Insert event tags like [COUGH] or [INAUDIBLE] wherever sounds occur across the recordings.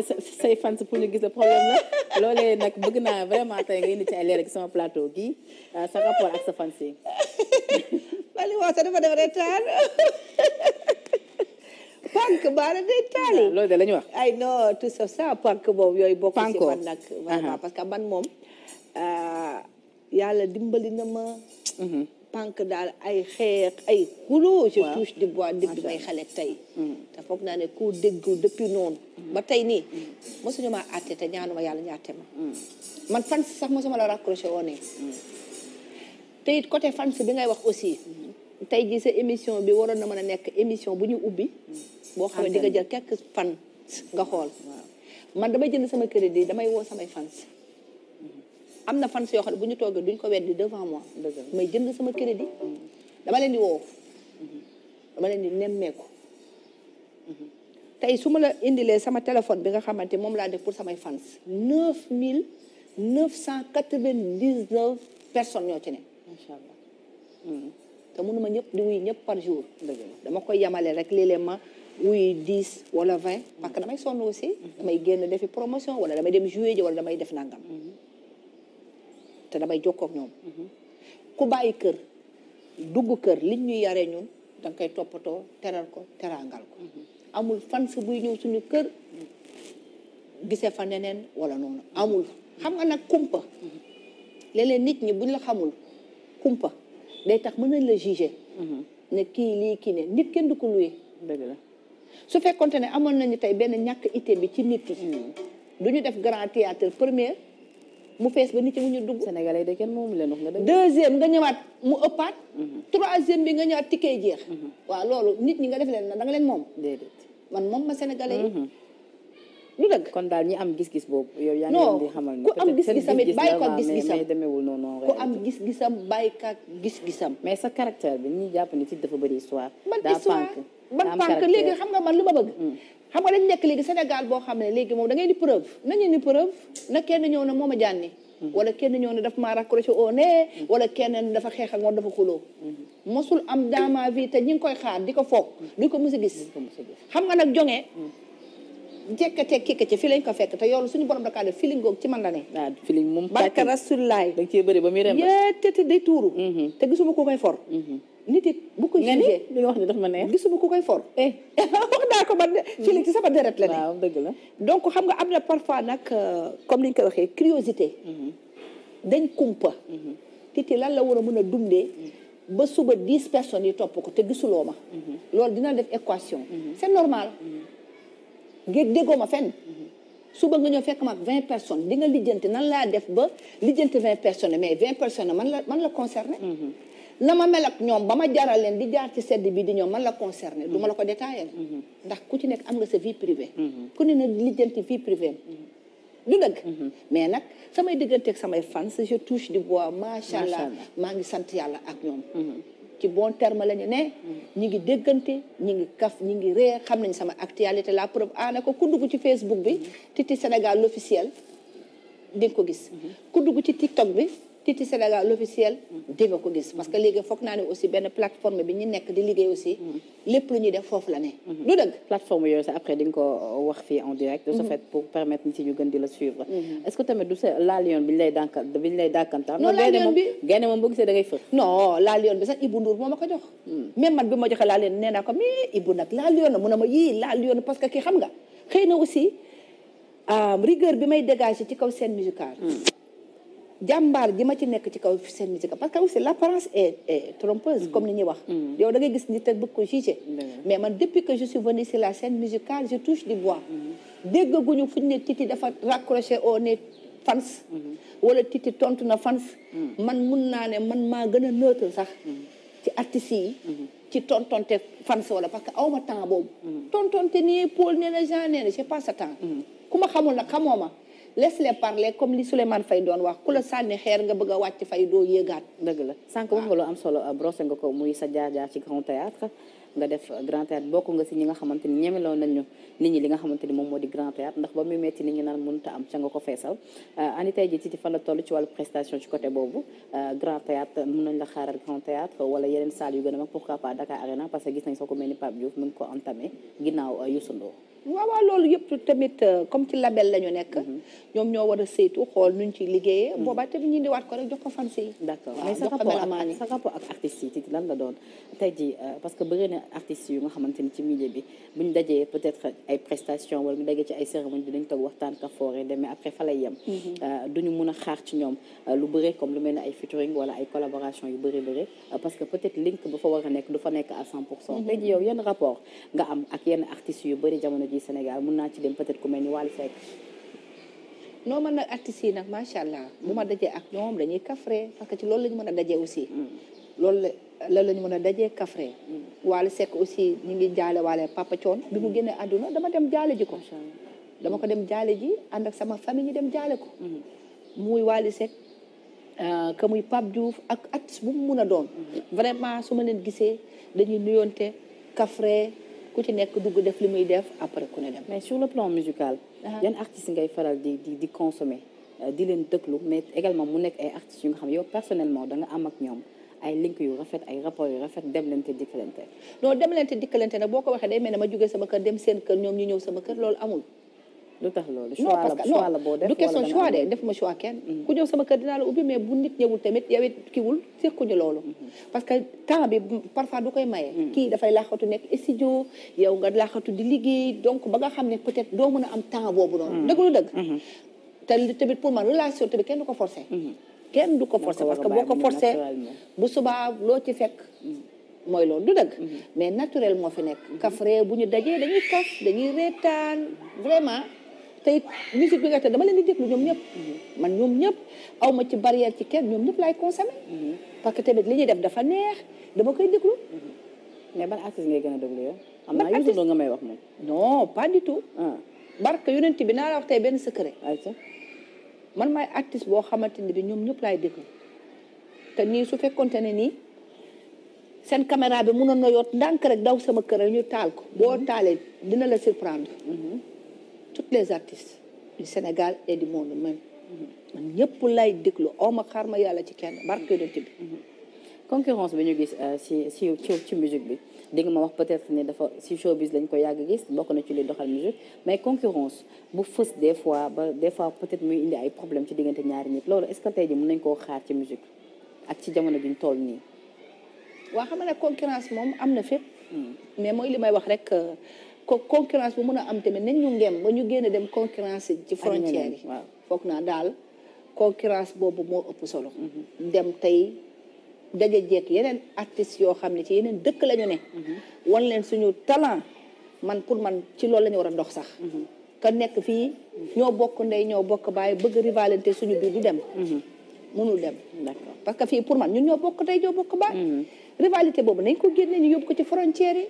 say say fans pour ñu gis problème la loolee nag bëgg naa vraiment tey nga indi ci ay leer ak sama plateau gi euh, sa rapport ak sa fans yi. Aliou waaw sax dafa def retard. pànk baara day taali. loolu de la wax. ay non tout ça ça pànk boobu yooyu bokk ci man nag. vraiment uh-huh. parce moom euh, yàlla dimbali na ma. Mm-hmm. pànk daal ay xeex ay xuloo je touche du bois depuis may xale tey mm. te foog naa ne koo dégg depuis noonu mm. ba tey nii mm. mosuñu maa àtte te ñaanuma yàlla ñaate ma man fans sax mosuma la raccroché woon ne te it côté fans bi ngay wax aussi tey jii sa émission bi waroon na mën a nekk émission bu ñu ubbi boo xam ne nga jël quelques fan nga xool man damay jënd sama crédit damay woo samay fans mm-hmm. am na fans yoo xam ne bu ñu toogee duñ ko weddi devant moi may jënd sama crédit dama leen di woo dama leen di nemmeeku tey su ma la indilee sama téléphone bi nga xamante moom laa def pour samay fans neuf mille neuf cent quatre-vingt-dix-neuf personnes ñoo ci ne macha allah hmm. te munuma ñëpp di wuy ñëpp par jour dama koy yemale rek léeg ma wuy dix wala vingt hmm. parce que damay sonn aussi hmm. damay génn defi promotion wala damay dem jouer ji wala damay def nangam te damay jokkoo ak ñoom. ku bàyyi kër dugg kër liñ ñu yare ñun danga koy toppatoo teral ko teraangal ko. amul fan si buy ñëw suñu kër gisee fa neneen wala noonu amul xam nga nag kumpa. léeg-léeg nit ñi buñ la xamul kumpa day tax mën nañ la juger. Mhm. ne kii lii kii ne nit kenn du ko luye. la su fekkonte ne amoon nañu tey benn ñàkk ité bi ci nit yi. Mhm. du ñu def grand théâtre première. mu fees ba nit ñi mu ñu dugg. Sénégalais de kenn moomu leen wax nga dëgg. deuxième nga ñëwaat mu ëppaat. troisième bi nga ñëwaat tikkee jeex. Mhm. waaw loolu nit ñi nga def leen na da leen moom. déedéet man moom ma Sénégalais yi. Mhm. lu dëgg kon daal ñi am gis-gis boobu. yow yaa ngi leen di xamal ne ku am gis-gisam it bàyyi ko gis-gisam ku am gis-gisam bàyyi ko gis-gisam. mais sa caractère bi ñi jàpp ni ci dafa bëri histoire. man histoire ban pànk léegi xam nga man lu ma bëgg. Mm. xam nga dañ nekk léegi Sénégal boo xam ne léegi moom da ngay di preuve nañu ni preuve na kenn ñëw na mooma jànni wala kenn ñëw ne daf maa raccroché au nez wala kenn dafa xeex ak moom dafa xuloo mosul am dans ma vie te ñi ngi koy xaar di ko foog di ko mës a gis xam nga nag jonge hmm. jekkatee kikkate fii lañ ko fekk te yoolu suñu borom dakaa def filing googu ci man la ne waaw ah, filing moom barka rasulaay dañ cee bëri ba muy rem yéttati day tuuru hmm. te gisuma ko koy for hmm. nit it bu ko jugee li nga wax ni daf ma neex gisuma ko koy for [LAUGHS] eh. wax naa ko man ci li ci sama deret la ne dëgg la donc xam nga am na parfois nag euh, comme li nga koy waxee curiosité mm-hmm. dañ kumpa mm-hmm. titi lan la war a mën a dundee mm. ba suba dix personnes yi topp ko te gisuloo ma mm-hmm. loolu dina def équation c'est normal géej déggoo ma fenn suba nga ñëw fekk ma ak vingt personnes di nga lijjante nan laa def ba lijjante vingt personnes mais vingt personnes man la man la concerné na ma mel ak ñoom ba ma jaral leen di jaar ci sedd bi di ñoom man la concerné du ma la ko détaillé mm-hmm. ndax ku ci nekk am nga sa vie privée mm-hmm. ku ne na lijjanti vie privée mm-hmm. du dëgg mais nag samay digganteeg samay fans je touche di bois macha allah maa ngi sant yàlla ak ñoom ci bon terme la ñu ne ñi ngi dëggante ñi ngi kaf ñi ngi ree xam nañ sama actualité la preuve ana ah, ko ku dugg ci Facebook bi Titi Sénégal l'officiel di nga ko gis ku dugg ci TikTok bi Titi Sénégal l'officiel di nga ko gis parce que léegi foog naa ne aussi benn plateforme bi ñu nekk di liggéey aussi lépp lu def foofu la ne du dëgg plateforme yooyu sax après di nga ko euh, wax fii en direct mhm. mhm. du sa laal yoon bi ñu lay dànka bi ñu lay dàkkantal non laal yoon bi gaynde moom boo gisee da ngay fër laal yoon bi sax Ibou Ndour moo ma jox hmm. même man bi ma joxee laal yoon nee naa ko mais Ibou nag laal yoon mu ne ma yii laal yoon euh, bi may dégager ci kaw scène musicale hmm. jàmbaar gi ma ci nekk ci kaw seen musique parce que aussi l'apparence est est trompeuse comme ni ñuy wax mm. Mm. da ngay gis nit te mm. mais man depuis que je suis venue sur la scène musicale je touche du bois déggaguñu fu ñu ne Titi dafa raccroché au nez fans wala Titi tontu na fans man mun naa ne man maa gën a neutre sax ci artistes yi ci tontonte fans wala parce que awma temps boobu tontonte nii Paul nee na Jean nee temps ku ma xamul nag xamoo ma laisse les parler comme li Souleymane Faye doon wax ku la sànni xeer nga bëgg a wàcc fay doo yéegaat. dëgg la sànq wax nga lu am solo brossé nga ko muy sa jaar-jaar ci grand théâtre nga def grand théâtre bokk nga si ñi nga xamante ni loo nañu nit ñi li nga xamante ni moom moo di grand théâtre ndax ba muy metti nit ñi naan mënut a am ca nga ko feesal euh, ani tey ji ci fan la toll ci wàllu prestation ci côté boobu euh, grand théâtre mën nañ la xaaral grand wala yeneen salle yu gën que gis nañ soo ko waaw waaw loolu yëpp tamit euh, comme ci label la ñu nekk. Mhm. ñoom ñoo war a saytu xool ñu ci liggéeyee. Mhm. boobaa tamit ñu indiwaat ko rek jox ko fan si. d'accord sa rapport ak artistes yi lan la doon tey ji euh, parce que bëri na artistes yu nga xamante ni ci milieu bi bu ñu dajee peut-être ay prestations wala ñu dajee ci ay cérémonie dinañ toog waxtaan ka foore demee après fa lay yem. Mhm. Euh, duñu mun a xaar ci ñoom lu bëri comme lu mel ne ay featuring wala ay collaboration yu bëri bëri parce que peut-être a nekk du fa nekk à 100 pour cent. tey jii yenn rapport nga yu bëri jamono ji Sénégal mun naa ci dem peut-être ku mel ni Wally Seck noo mën nag artistes yi nag macha allah bu ma dajee ak ñoom dañuy kafre parce que ci loolu la ñu mën a dajee aussi mm. lool la loolu la ñu mën a dajee kafre mm. Wally Seck aussi ñu ngi jaale waale Papa Thione bi mu mm. génnee àdduna dama dem jaale ji ko dama ko dem jaale ji ànd ak sama famille ñu dem jaale ko muy Wally Seck euh, que muy Pape Diouf ak artiste bu mu mun a doon vraiment su leen gisee dañuy nuyoonte kafre ku ci nekk dugg def li muy def après ku ne dem. mais sur le plan musical. Ah. yan artistes ngay faral di di di consommer euh, di leen déglu mais également mu nekk ay artistes yu nga xam yow personnellement da nga am ak ñoom. ay link yu rafet ay rapport yu rafet dem leen te dikkalante. non dem leen te dikkalante nag boo ko waxee day mel ma jógee sama kër dem seen kër ñoom ñu ñëw sama kër loolu amul. lu tax loolu non parce que non du question choix de def ma kenn mm. ku ñëw sama kër dinaa la ubbi mais bu nit ñëwul tamit yow it kiwul séqquñu loolu mm-hmm. parce que temps bi parfois du koy maye mm. di liggéey donc ba nga xam ne peut être doo mën a am temps boobu noonu mm. dëgg lu dëgg mm-hmm. te tamit pour man relation tamit kenn mm-hmm. kenn du ko forcé parce que boo ko forcé bu subaa loo ci fekk mooy loolu du dëgg mais naturel moo fi nekk kaf ree bu ñu dajee dañuy kaf dañuy reetaan vraiment tey it musique bi nga te dama leen di déglu ñoom ñëpp man ñoom ñëpp aw ma ci barrière ci kenn ñoom ñëpp laay consommer parce que tamit li ñuy def dafa neex dama koy déglu mais ban artiste ngay gën a déglu yow am naa Youssou Ndour nga may wax moom non pas du tout ah. barke yonent bi naa wax tey benn secret ah, man maay artiste boo xamante ne bi ñoom ñëpp laay déglu te nii su fekkonte ne nii seen camera bi mënoon na yoot ndànk rek ndaw sama kër ñu taal ko boo mm-hmm. taalee dina la surprendre mm-hmm. toutes les artistes du Sénégal et du monde même man ñëpp lay déglu awma xaar ma yàlla ci kenn barke yonent bi concurrence bi ñu gis euh, si si ci ci musique bi di nga ma wax peut-être ne dafa si bis lañ ko yàgg gis bokk na ci li doxal musique mais concurrence bu fës des fois ba des fois peut-être muy indi ay problème ci diggante ñaari nit loolu est-ce que ji mën nañ koo xaar ci musique ak ci jamono bi ñu toll nii waa xam nga ne concurrence moom am na fépp hmm. mais mooy ko concurrence bu mën a am tamit nañ ñu ngem ba ñu génn dem concurrence ci frontières yi foog naa daal concurrence boobu moo ëpp solo mm-hmm. dem tey daje jeeg yeneen artistes yoo xam ne ci yeneen dëkk lañu ñu ne mm-hmm. wan leen suñu talent man pour man ci loolu la ñu war a ndox sax mm-hmm. ka nekk fii ñoo bokk ndey ñoo bokk baay bëgg rivalité suñu biir du dem mënul dem d'accord parce que fii pour man ñun ñoo bokk ndey ñoo bokk baay rivalité boobu nañ ko génne ñu yóbbu ko ci frontières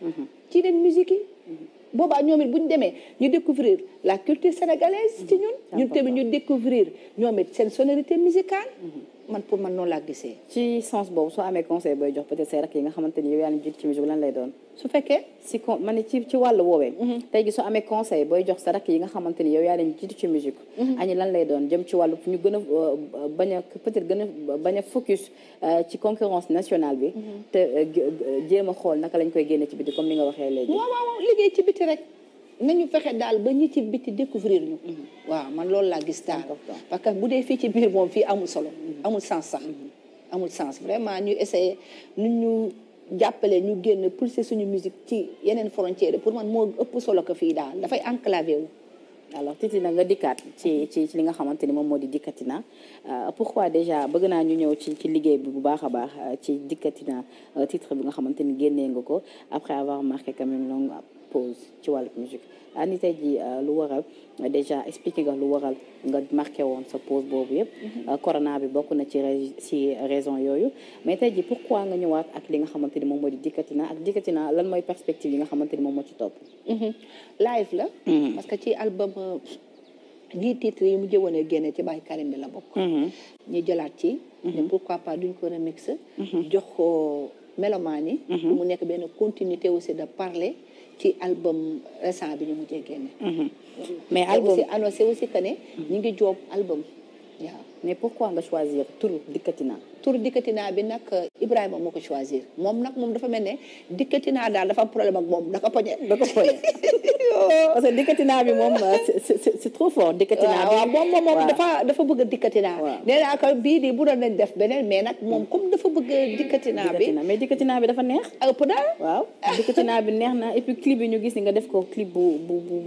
ci leen musique boobaa ñoom it bu ñu demee ñu découvrir la culture sénégalaise ci ñun ñun tamit ñu découvrir ñoom it seen sonorité musicale mm-hmm. man pour man noonu laa gisee. ci sens boobu soo amee conseil booy jox peut-être say rakk yi nga xamante ni yow yaa ngi jiit ci musique lan lay doon. su fekkee ne ci ci wàllu woowee. Mm-hmm. tey mm-hmm. lay doon jëm ci wàllu ñu gën a euh, a peut-être gën a bañ a euh, ci concurrence nationale bi. Mm-hmm. te euh, jéem a xool naka lañ koy génne ci biti comme ni nga waxee léegi. waaw waaw liggéey ci biti rek. nañu fexe daal ba ñi ci biti découvrir ñu mhm. waaw man loolu laa gis daal parce que bu dee fii ci biir moom fii amul solo mhm. amul sens sax mhm. amul sens vraiment ñu essayer nu ñu jàppale ñu génn pousser suñu musique ci yeneen frontière pour man moo ëpp solo ko fii daal dafay enclavé wu alors Titi na nga dikkaat ci ci li nga xamante ni moom moo di dikkatina euh, pourquoi déjà bëgg naa ñu ñëw ci ci liggéey bi bu baax a baax euh, ci dikkatina euh, titre bi nga xamante ni génnee nga ko après avoir marqué quand même longue pause ci wàllu musique ani tey ji euh, lu waral déjà expliqué nga lu waral nga marqué woon sa pause boobu yëpp mhm. euh, corona bi bokk na ci si raison yooyu mais tey ji pourquoi nga ñëwaat ak li nga xamante ni moom moo di dikkatina ak dikkatina lan mooy perspective yi nga xamante ni ci topp mhm. live la mhm. parce que ci album lii euh, titre yi mu jëwoon a génne ci Baye Karim bi la bokk ñu jëlaat ci ne pourquoi pas duñ ko remix jox ko melomaan yi mu nekk benn continuité aussi de parler ci album récent bi ñu mujjee génne. mais album aussi annoncé ah aussi que ne. Mhm. ñu ngi joob album. waaw mais pourquoi nga choisir turu dikkatinaa. turu dikkatinaa bi nag euh, Ibrahima moo ko choisir moom nag moom dafa mel ne dikkati naa daal dafa am problème ak moom da ko poñe da ko [LAUGHS] [LAUGHS] parce que dikkatinaa bi moom euh, c'est trop fort dikkatinaa bi waaw moom moom dafa dafa bëgg dikkatinaa nee bii bu doon def beneen mais nag moom comme dafa bëgg dikkatinaa bi mais dikkatinaa bi dafa neex ëpp na waaw dikkatinaa bi neex na et clip bi ñu gis ni nga def ko clip bu bu bu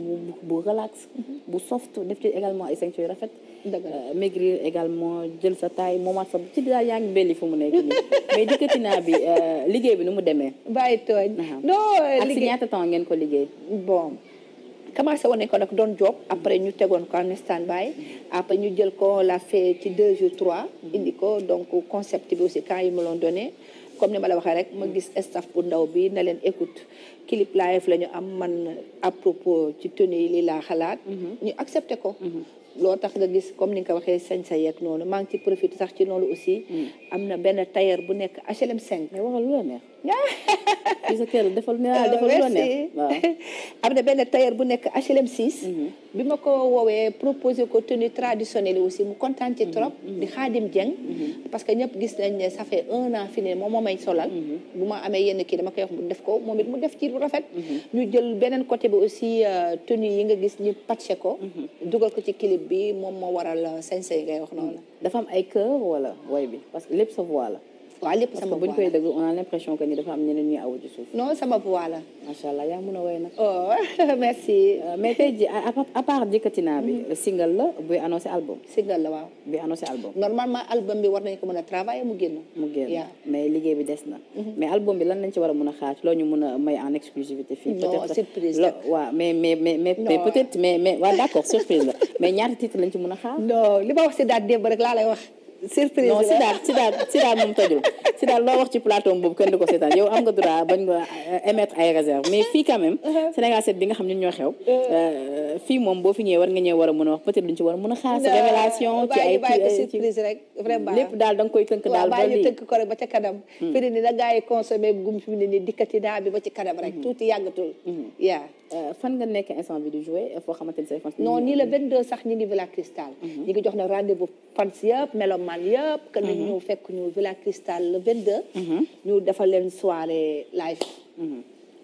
bu relax bu soft def ci également ay sanctuaire rafet euh, maigrir également jël sa taille moomaat sa ci daal yaa ngi belli fu mu nekk nii [LAUGHS] mais dikkatinaa bi euh, liggéey bi nu mu demee bàyyi tooñ non liggéey ak ko liggéey bon commencé woon nañ ko nag doon job après ñu tegoon ko en standby après ñu jël ko la fait ci deux jours trois indi ko donc concept bi aussi quand yi ma loon donné comme ni ma la waxee rek ma gis staff bu ndaw bi na leen écoute clip live la ñu am man à propos ci tenue yi li laa xalaat mhm. ñu accepté ko mhm. loo tax nga gis comme ni nga ko waxee sañ sa yeeg noonu maa ngi ci profité sax ci loolu aussi mhm. am na benn tailleur bu nekk HLM 5 mais waxal lu la neex Lisa [LAUGHS] Kell defal naa ah, defal lu ne [LAUGHS] am na benn tailleur bu nekk HLM 6. Mhm. bi ma ko woowee proposé ko tenue traditionnelle aussi mu kontaan ci trop. Mhm, mhm. di Xaadim Dieng. parce que ñëpp gis nañ ne ça fait un an fi ne moom moo may solal. bu ma amee yenn kii dama koy wax mu def ko moom it mu def ci bu rafet. ñu jël beneen côté bi aussi euh, tenue yi nga gis ñu patché ko. dugal ko ci clip bi moom moo waral euh, sañ-sañ ngay wax noonu. dafa am ay cœur wala way bi parce que lépp sa voix la. waaw lépp sabab bu ñu koy déglu a l'impression yaa mën a woy nag. oh [LAUGHS] merci. Euh, mais tey jii à part Jikatina bi. Mm-hmm. single la buy annoncé album. bi war nañu ko mën a travailler mu génn. mais liggéey bi des na. Mm-hmm. mais album bi lan lañ ci war a mën a xaar loo ñu mën a may en exclusivité fii. mais peut-être mais d'accord surprise la mais ñaata titre lañ ci mën a xaar. non li ma wax si daal démb rek laa lay wax. surprise non si daal si daal moom tëjul si daal loo wax ci plateau boobu kenn du ko seetaan yow am nga droit bañ nga euh, émettre ay réserve mais fii quand uh-huh. Sénégal 7 bi nga xam ne ñoo xew uh-huh. euh, fii moom boo fi ñëwee war nga ñëw war a mën a wax peut-être luñ ci war a mën a xaar révélation lépp daal da nga koy tënk daal ba lii ba ca kanam hmm. fi ne ni na gaa yi consommé gum fi mu ne ni dikkati daa bi ba ci kanam rek hmm. tuuti yàggatul hmm. yaa euh, fan nga nekk instant bi di jouer foo xamante ni say fan non nii la 22 sax Fall yëpp. que nañ mhm. ñëw fekk ñu Villa Cristal le 22. Mhm. ñu defal leen soirée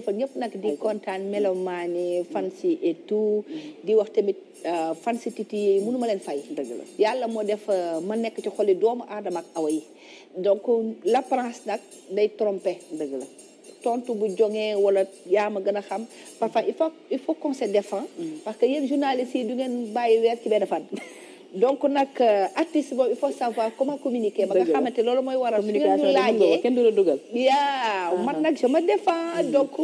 jaajëfal ñëpp nag di kontaan melomaani fansi et tout mm-hmm. di wax tamit euh, fansi titi yi mënu ma leen fay yàlla moo def euh, ma nekk ci xoli doomu aadama ak awa yi donc l'apparence nag day trompe dëgg la tontu bu jongee wala yaa ma gën a xam parfois il faut il faut qu'on se défend mm-hmm. que yéen journalistes yi du ngeen bàyyi weer ci benn fan [LAUGHS] donc nag euh, artiste boobu il faut savoir comment communiquer ba nga xamante loolu mooy waral suñu laajee kenn du la dugal yaa man ah. nag je me défends donc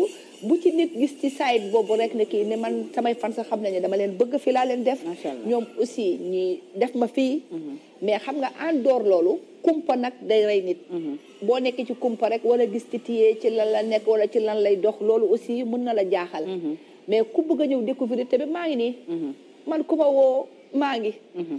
bu ci nit gis ci side boobu rek ne kii ne man samay fan sax xam nañu dama leen bëgg fii laa leen def ñoom aussi ñi def ma fii mhm. mais xam nga en dehors loolu kumpa nag day rey nit mhm. boo nekkee ci kumpa rek wala gis ci tiyee ci lan la nekk wala ci lan lay dox loolu aussi mën na la jaaxal mhm. mais ku bëgg a ñëw découvrir bi maa ngi nii maa ngi mhm.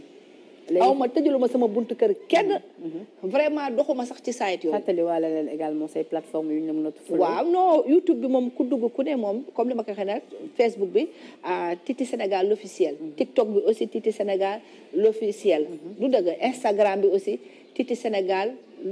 aw ma sama buntu kër kenn mhm. Mhm. vraiment doxuma sax ci site yooyu fàttali waale leen également say plateforme yu ñu mën a waaw non youtube bi moom ku dugg ku ne moom comme li ma ko xëy na facebook bi ah, Titi Sénégal l'officiel tiktok bi aussi Titi Sénégal l'officiel du dëgg instagram bi aussi Titi Sénégal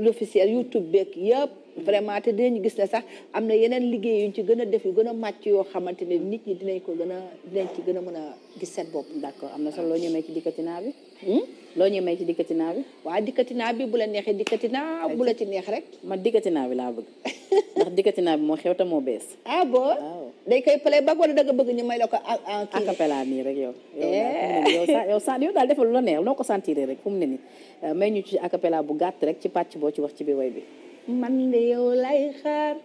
l'officiel youtube beeg yëpp vraiment te dinañu gis ne sax am na yeneen liggéey yuñ ci gën a def yu gën a màcc yoo xamante ne nit ñi dinañ ko gën a dinañ ci gën a mën a gis seen bopp. d'accord am na solo loo ñemee ci dikkatinaa bi. Hmm? loo ñemee ci dikkatinaa bi. waaw dikkatinaa bi bu la neexee dikkatinaa bu la ci neex rek. man dikkatinaa bi laa bëgg ndax dikkatinaa bi moo xew te moo bees. ah bon day koy play bag wala danga bëgg ñu may la ko en kii. acapella nii rek yow. Eh. yow sa yow sa yow daal defal lu la neex noo ko sentir rek fu mu ne nii euh, may ñu ci acapella bu gàtt rek ci pàcc boo ci wax ci bi bi man de yow lay xaar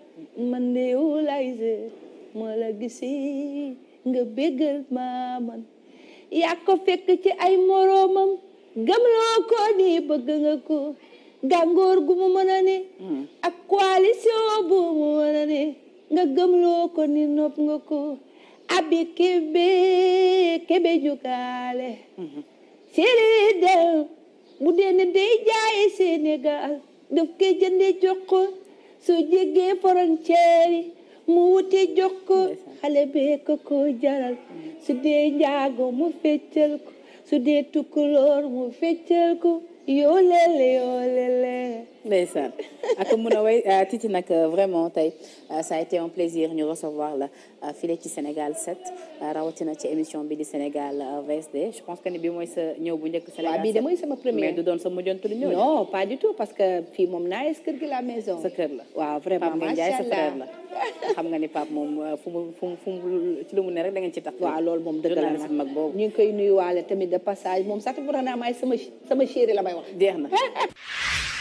man de yow lay seer moo la gisee nga béggal ma man yaa ko fekk ci ay moroomam gëmloo ko ni bëgg nga ko gàngoor gu mu mën a ne hmm. ak coalition bu mu mën a ne nga gëmloo ko ni nopp nga ko abi kebe kebe jukaale hmm. siri del bu dee ne day jaay Sénégal daf koy jëndee jox ko soo jegee frontière yi mu wuti jox ko xale bee ko ko jaral su dee njaago mu feccal ko su dee tukkuloor mu feccal ko yoo lele yoo lele ndeysaan ak ah, mun a way ah, Titi nag euh, vraiment tey euh, ça a été un plaisir ñu recevoir la euh, file ci Sénégal 7 rawatina ci émission bi di Sénégal VSD je pense que ni bi mooy sa ñëw bu njëkk Sénégal 7 bii de sama première mais du doon sa mujjantul ñëw non pas du tout parce que fii moom naa la maison sa kër la waaw vraiment Pape Ndiaye sa frère la moom fu mu mu fu mu lu ne rek da ngeen ci tax waaw loolu moom dëgg a nag mag boobu ñu ngi koy nuyuwaale tamit de passage moom sax bu rana maay sama sama chéri la may wax jeex na [LAUGHS]